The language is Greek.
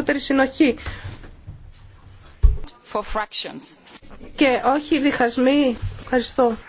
περισσότερη συνοχή. For fractions. Και όχι διχασμοί. Ευχαριστώ.